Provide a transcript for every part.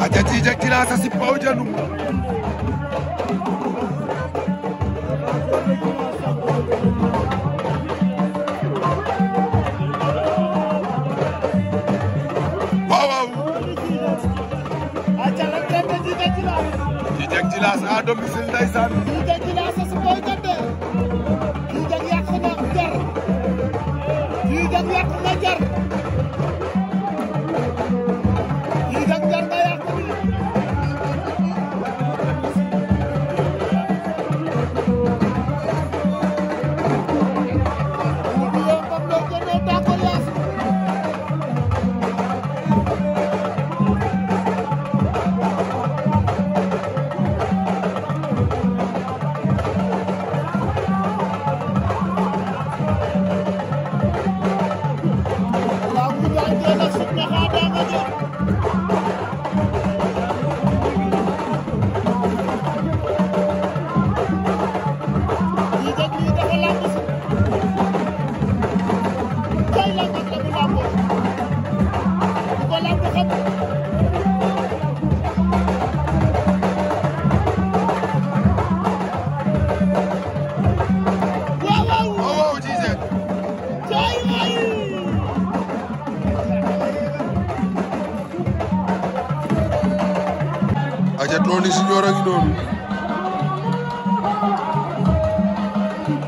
aja tiije kilaasa sippawu janu waaw tiije kilaas a domicile ndeysaan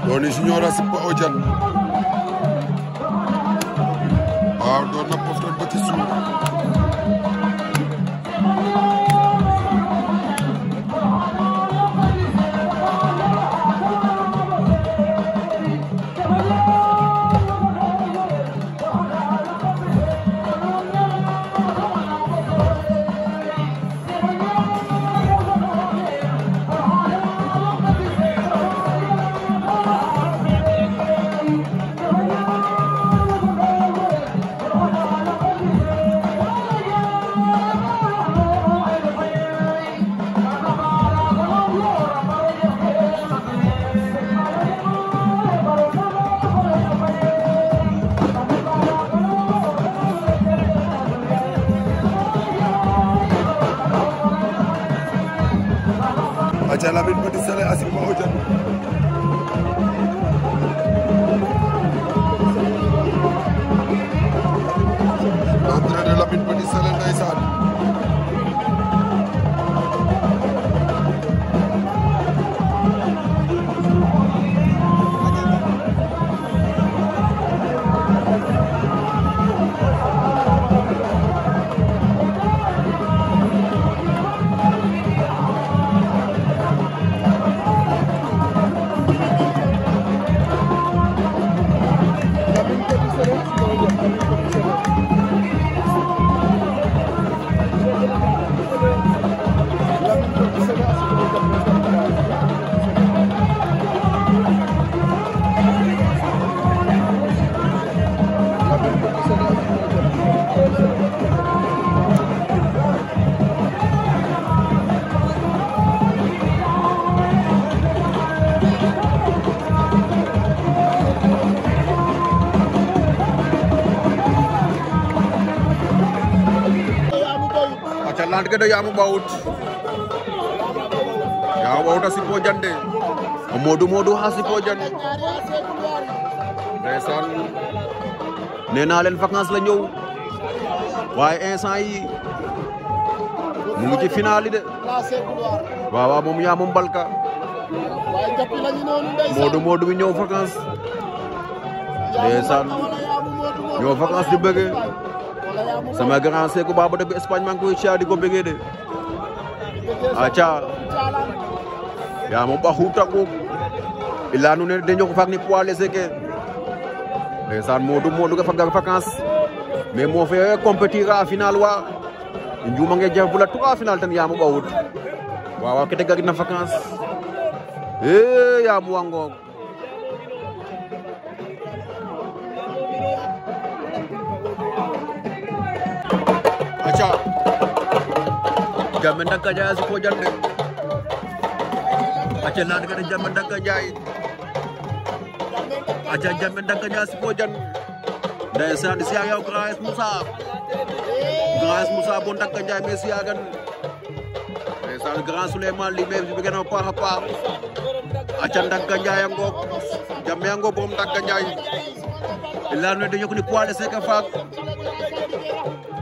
Dony Junior si sippa o jan waaw doon na poftan ba ci suuf ലാൻഡ്ഗഡ യാമുബൗട്ട് യാമുബൗട്ട് സിപ്പോ ജണ്ടേ മോഡു മോഡു ഹാ സിപ്പോ ജണ്ടേ ndeysaan nee naa leen vacances la ñëw waaye instant yi mu ngi ci finale de waaw moom yaa moom Balka Modou Modou bi ñëw vacances ndeysaan ñëw di bëggee sama grand Seeku Baba depuis Espagne maa ngi koy caa di ko bëggee yaa mo ɓaxu taku i leya nuun ne de ñoxu faak ni poids léger ke ndeysaan Modou Modou ga faga vacance mais moo fe compétir a final wa i njumange jafe fula trois final tan yaam o ɓawud waawa ke ta garit na vacance e yaam wa ngoog Abuja. Jamin dan kajaya su ko jande. Acha nan ga jamin dan kajaya. Acha jamin dan kajaya su ko jande. Da sa di siya yaw Grace Musa. Grace Musa bon dan kajaya me siya gan. Da sa Grace Sulaiman li me bi gëna pa pa. Acha dan kajaya ngok. Jamme ngok bom dan Ilan Ilanu dañu ko ni poids de 5 faak.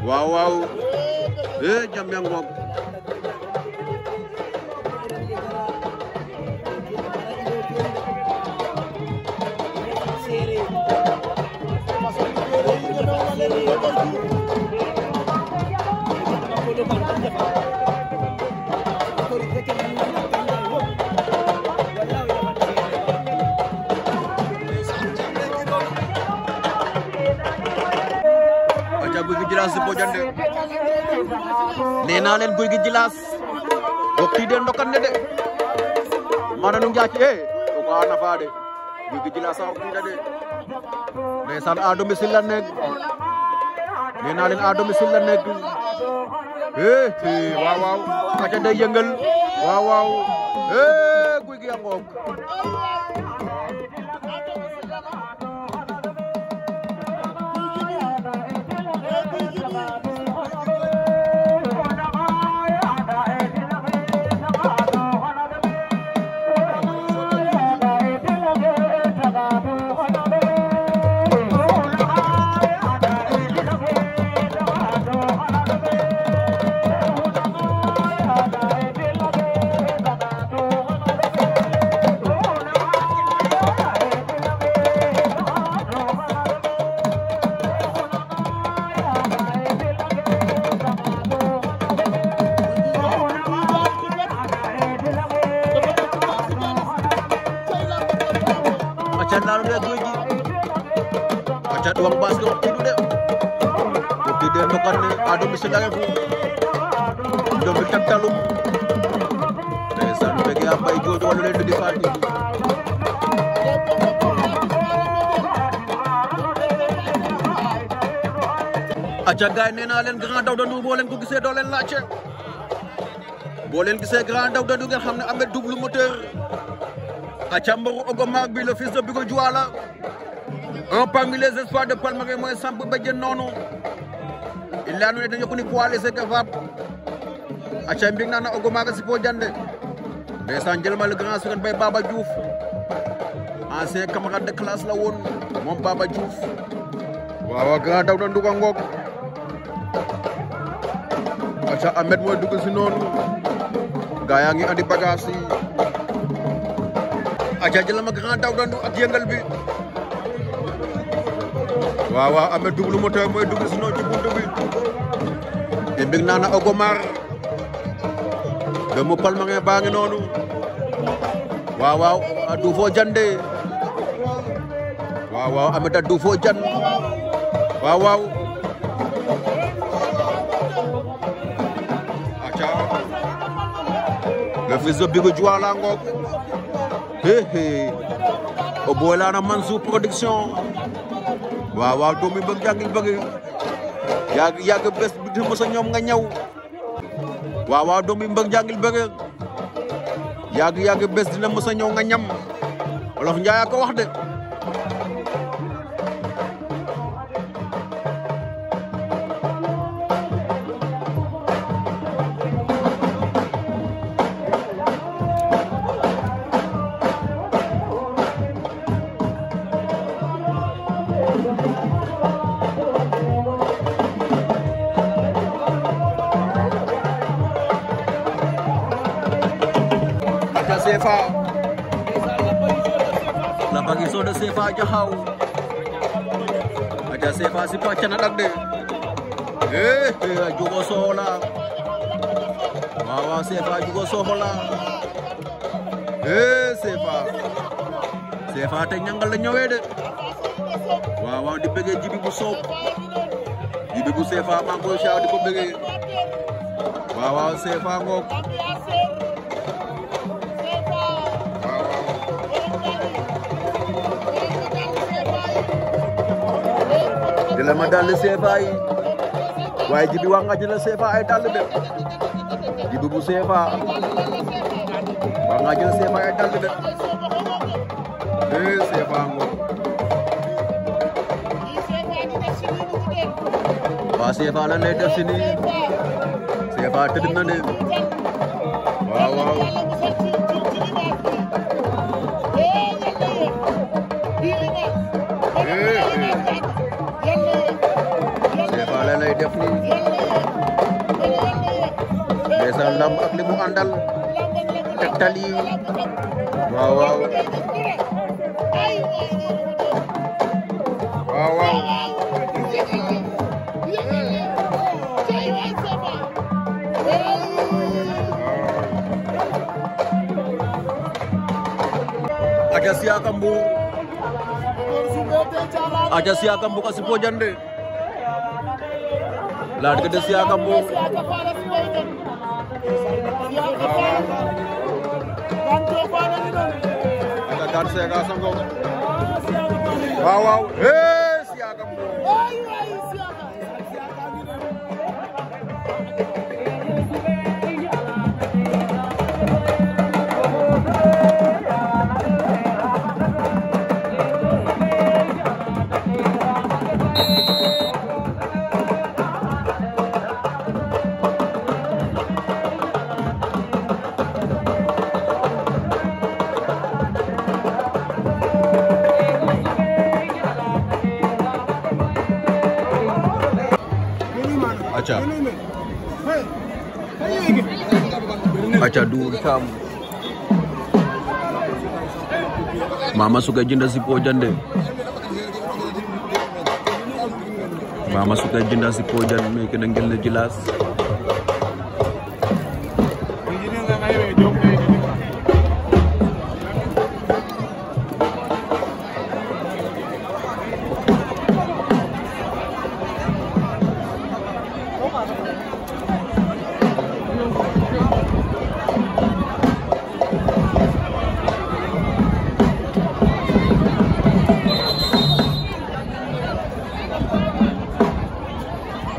Waaw waaw. ee Jambe a ngoog Jangan sebut janda. nee guy gi jilaas waxtu yi ne de maanaam nu njaaci eh o ko ana faa guy gi jilaas a waxtu yi la nekk nee naa la nekk eh eh waaw waaw aca yëngal waaw waaw eh, guy gi a aca ɗowang mbas ke xoktiidu de xoktiide no xar ne Ado Mbisele a refu Njombel Taktalum ndeysaan mbege a Mbaye Joojo walo le ndedi faati naa leen Grand Daouda Ndour boo leen ko gisee doo leen boo leen gisee Grand Daouda Ndour ngeen xam ne am na double moteur aca mbaru ogo maak bi le fils de Bigo Diouwa un parmi les espoirs de Palmarin mooy Samp Béjjén noonu il laa nu ne dañu ko ni poids laissé ka faap jande le grand un Baba Diouf ancien camarade de classe là woon moom Baba Diouf waaw grand Dawda Nduga ngoog aca Ahmed mooy dugg si gok, gaa yaa andi bagage yi aca jëlma grand Dawda Ndu ak yëngal bi waaw waaw Ameth Double Moteur mooy dugg si noonu ci buntu bi naa na Ogomar doomu Palmarin baa ngi noonu waaw waaw a duufoo jande waaw waaw Ameth a duufoo jan waaw waaw aca production waaw waaw doom yi bëgg yàgg bëgg yàgg yàgg bés bi di mos ñoom nga ñëw waaw waa doom yi bëgg yàgg bëgg yàgg yàgg bés dina mos a ñëw nga ñam olof Njaay a ko wax de. CFA la bagi soda CFA jahaw aja sefa si pa cana dak de eh eh jugo sola wawa CFA jugo sola eh sefa sefa te ñangal la ñëwé de wawa di bëggé jibi bu soop jibi bu CFA ma di ko bëggé wawa sefa ngok sama dall CFA yi waaye jibi wax nga jëlal CFA ay dall de jibi bu CFA wax nga jël CFA ay dall de eh CFA ngo waa CFA lan lay def si nii CFA tëdd na de waaw waaw lamb ak li mu àndal tegtal yi waaw waaw waaw waaw aja siaka mbu aca siaka mbu ka sipo jande laat ke de siaka waaw waaw hey Siaka Mbour duwul taamu mama suka jinda si pojande mama suka jinda si pojan me kenan gel ne jilas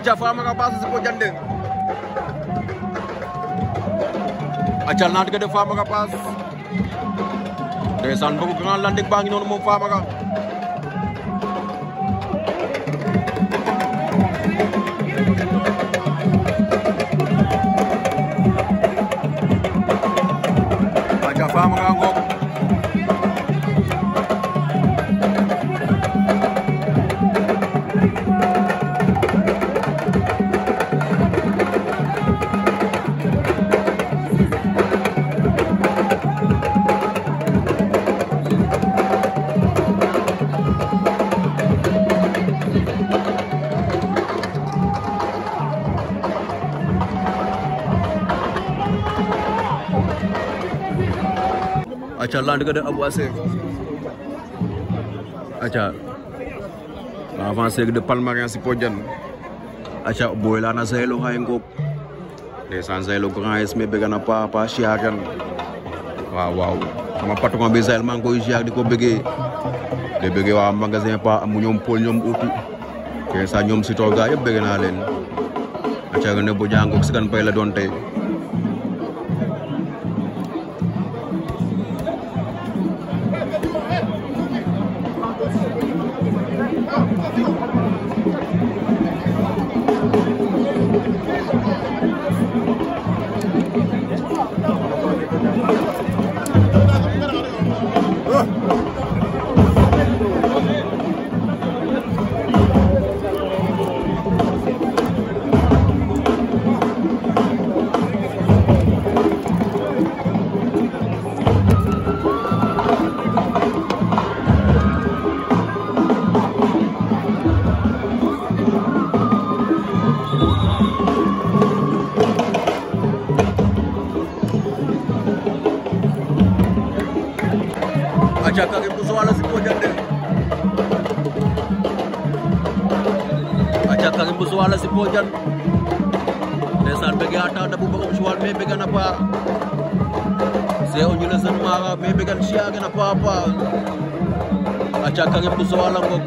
aca fama ka ɓasa siko jande acal natiga de fama ka ɓas ndeysaan mbogu grand landik ba noonu moom fama जालांड कर अब वहाँ से अच्छा वहाँ depan makan si Pojan अच्छा बोला ना सहेलो हाँ इनको Desan saya luka kan SMB kan apa-apa siar kan. Wow wow. Sama patung ambil saya man ko siar di ko bege. De bege wa magasin pa amu nyom pol nyom utu. Ke sa nyom si toga ya bege len. Acha ne bo jango sekan pay la donte. Thank you. aca Karim Bousso a lasin fo jande aca Karim Bousso a lasin fo jande ndeysaan bege a tax dabuma um cuwal me began a paax se o njula sen maxa me began a paax paax aca Karim a langong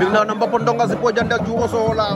mbir na na mbapo ndonga sipo jande juuxo soxola